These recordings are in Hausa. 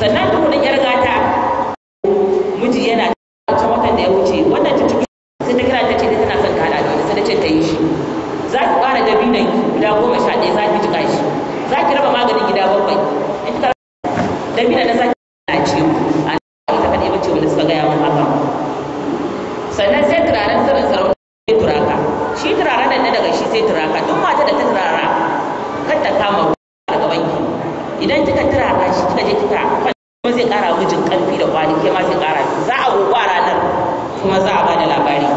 sannan tukunin yar gata miji yana cikin watan da ya wuce wannan ta tuki sai ta kira ta ce tana son ka hada da wani sai ta ce ta yi shi za ki kara dabinan guda goma sha ɗaya za ki jika shi idan kika tira a shi kika je kika kuma zai kara mijin karfi da kwani ke ma zai kara za a gogo ranar kuma za a bada labari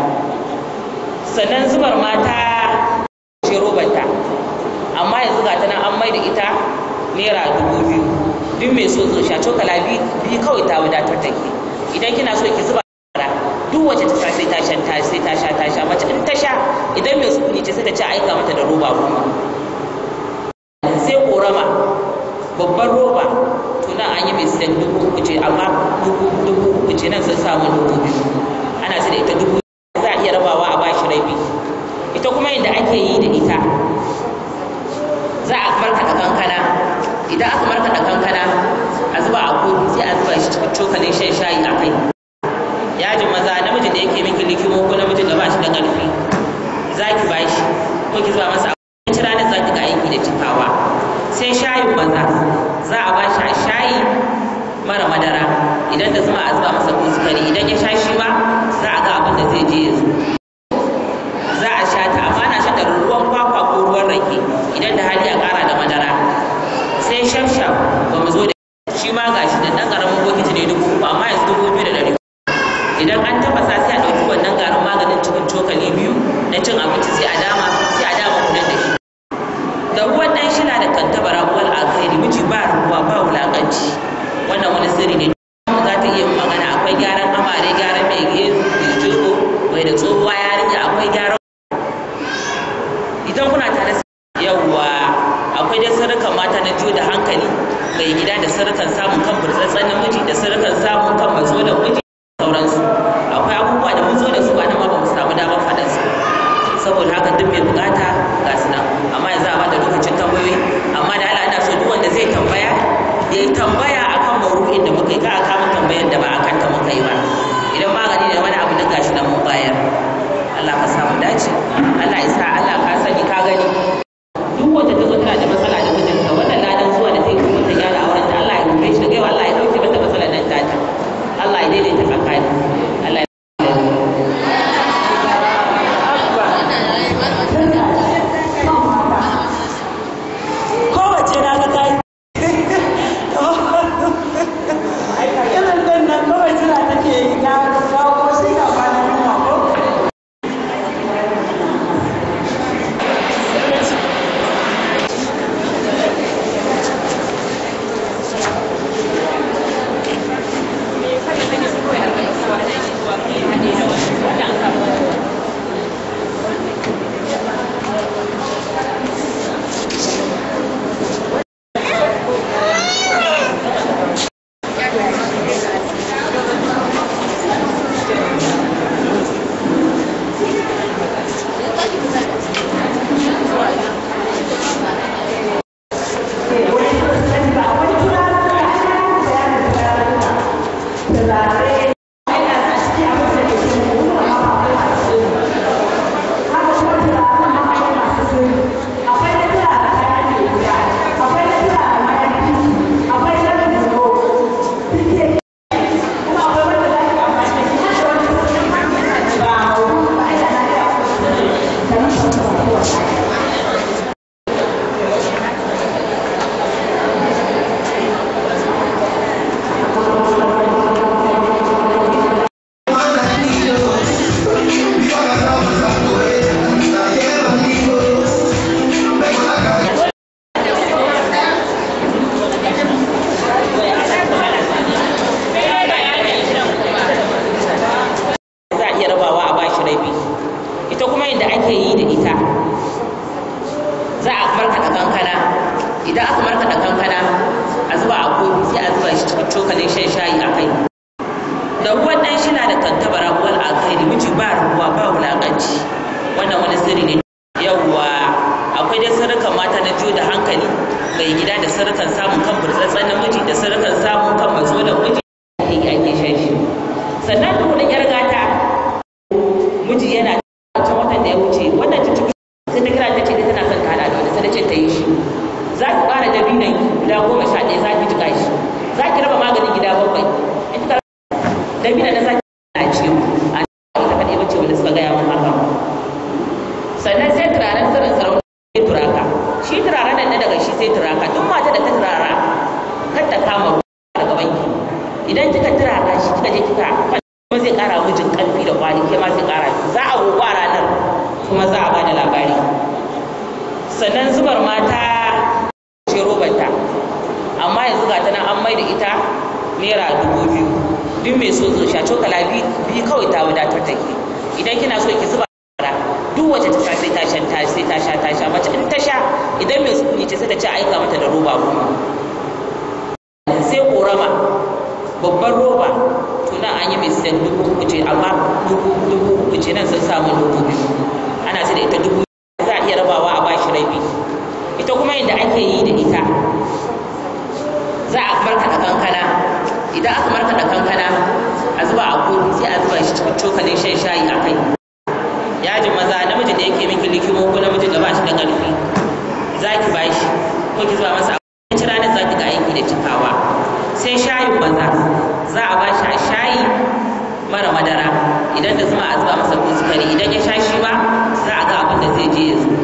sannan zubar mata ce robanta amma yanzu ga ta nan an mai da ita naira dubu biyu duk mai so zo sha cokala biyu kawai ta wadatar da ke idan kina so ki zuba ra, duk wacce ta sai ta sha ta sai ta sha ta sha mace in ta sha idan mai sukuni ce sai ta ce aika mata da roba goma babban roba to nan an yi mai dubu uku ce amma dubu dubu uku ce nan sun samu dubu biyu ana sai da ita dubu za a iya rabawa a bashi rabi ita kuma inda ake yi da ita za a markaɗa kankana idan aka markaɗa kankana a zuba a kofi sai a zuba shi cikin cokalin shan shayi a kai yajin maza namiji da yake miki likimo ko namiji da ba shi da ƙarfi za ki ba shi ko ki zuba masa abinci ranar za ki ga aiki da cikawa sai shayin maza za a ba shi shayi mara madara idan da zuma a zuba masa kuskari, idan ya sha shi ba za a ga abin da zai je ya zo za a sha ta amma na shan da ruwan kwakwa ko ruwan rake idan da hali a kara da madara sai shafshaf ba mu zo da shi ma ga shi da idan aka markaɗa kankana a zuba a kofi sai a zuba shi cikin cokalin shan shayi a kai da ruwan ɗan shi na da tantabara ruwan da miji ba ruwa ba wulaƙanci wannan wani sirri ne yawwa akwai dai sirrukan mata na jiyo da hankali mai gida da sirrukan samun kan burtsatsen miji da sirrukan samun kan mazo da miji ake ake shan shi sannan da wani yar gata miji yana wancan watan da ya wuce wannan ta cikin sai ta kira ta ce tana kan ta da wani sai ta ce ta yi shi za ki ƙara dabinan gida goma sha ɗaya za ki jiƙa shi za ki raba maganin gida bakwai in kika dabinan da za ki na ce a ita kaɗai bace da suka gaya min haka sannan sai turaren sirrin tsaron sai turaka shi turaren nan daga shi sai turaka duk mata da ta turara kan ta kama ruwa daga banki idan kika turaka shi kika je kika kuma zai ƙara mijin ƙarfi da kwali ke ma zai ƙara za a gogo ranar kuma za so zo sha cokala biyu kawai ta wadatar da ke idan kina so ki zuba ra duk wacce ta sai ta sha ta sai ta sha ta sha mace in ta sha idan mai ne ce sai ta ce aika mata da roba goma sai korama babban roba tunan an yi mai siyan dubu kuce amma dubu dubu madara idan da zuma a zuba masa kuskari sukari idan ya sha shi ba za a ga abin da zai je ya zo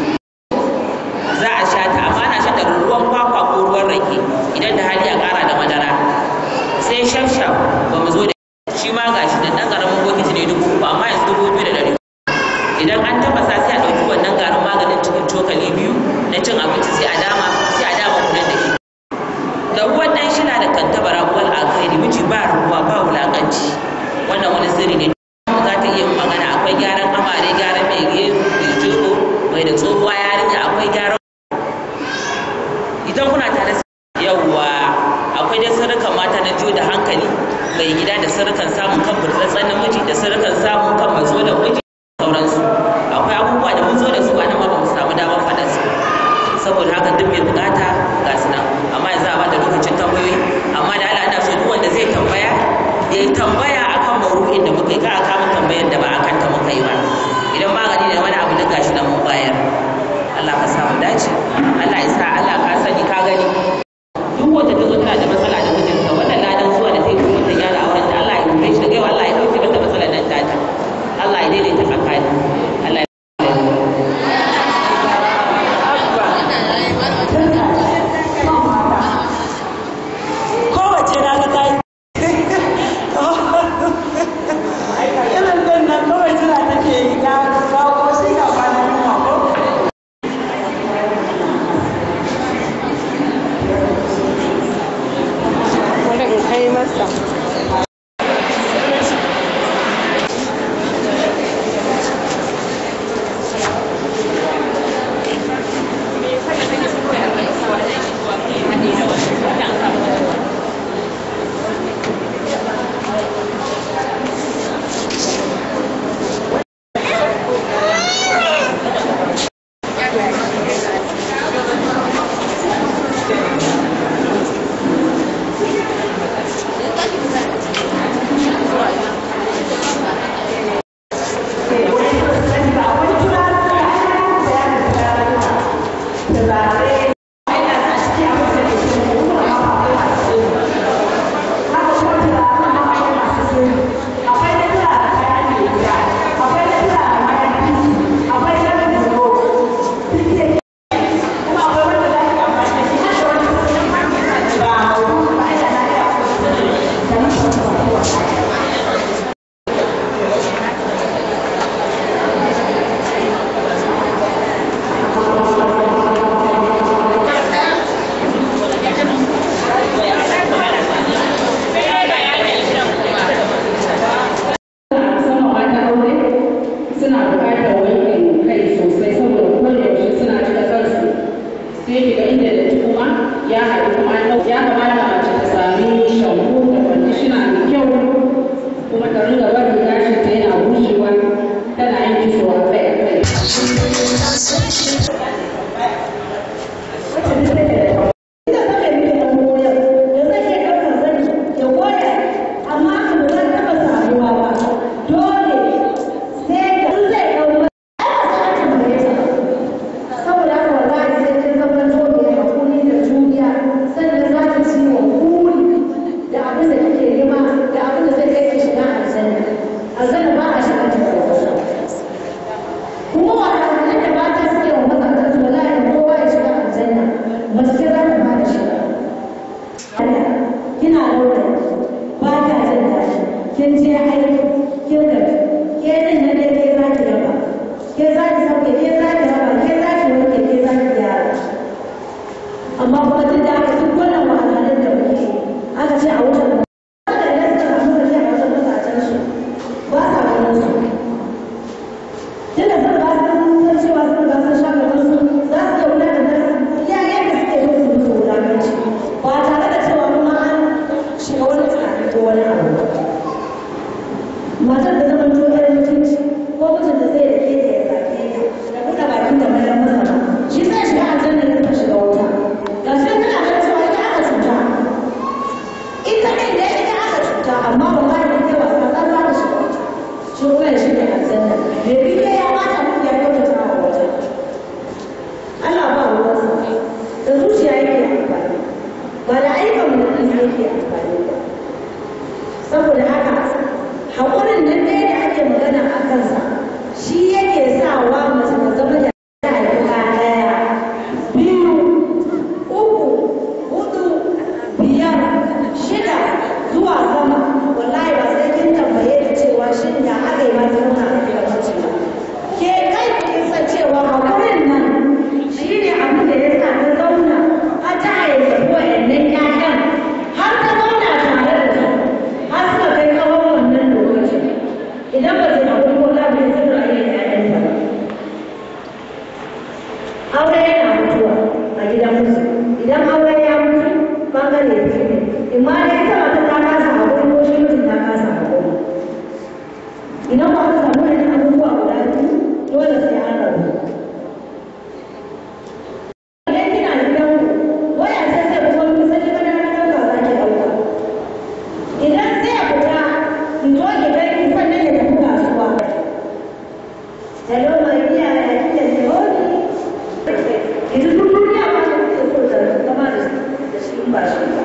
Bye. I was going to wasa amma ba ma da ke wasa dan za ka shi ya a ba da zuciya yake amfani ba yake amfani ba saboda haka haƙurin nan magana a kansa shi yake sawa mace ta Shit wallahi ba sai kin tambaye da cewa shin ya aka yi mata nuna a fiye wacce ba ke kai kin san cewa hakurin nan shi ne abin da ya sa ta zauna a ta haifi wa'annan ƴaƴan har ta zauna tare da ta har suka kai kawon wannan lokaci idan ba su haƙuri ko za su yi sirra a yin ƴaƴanta ba aure yana mutuwa a gidan musu idan aure ya mutu bangare ya ce ne imma dai ta yanzu duk duniya ba ta kuke so da zama da shi in ba shi ba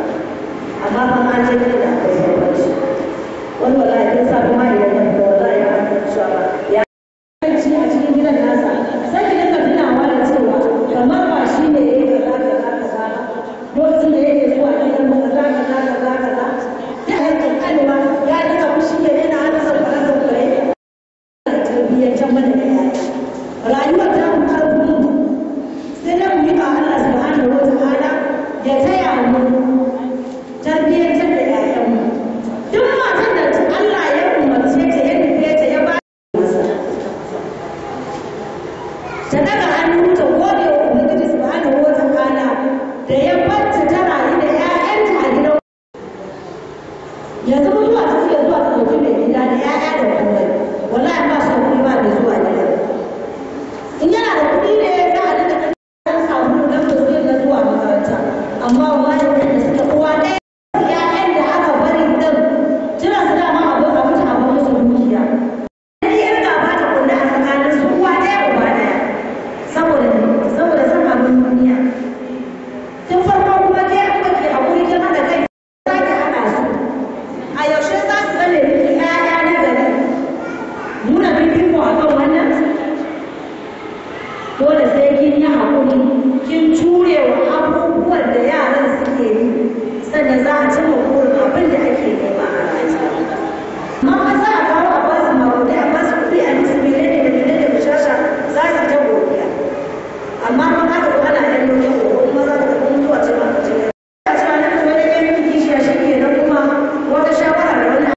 amma ba ma ce da aka yi sauransu ya sa kuma ya Thank you. 今天中午，阿婆问的呀，认识你，三十三。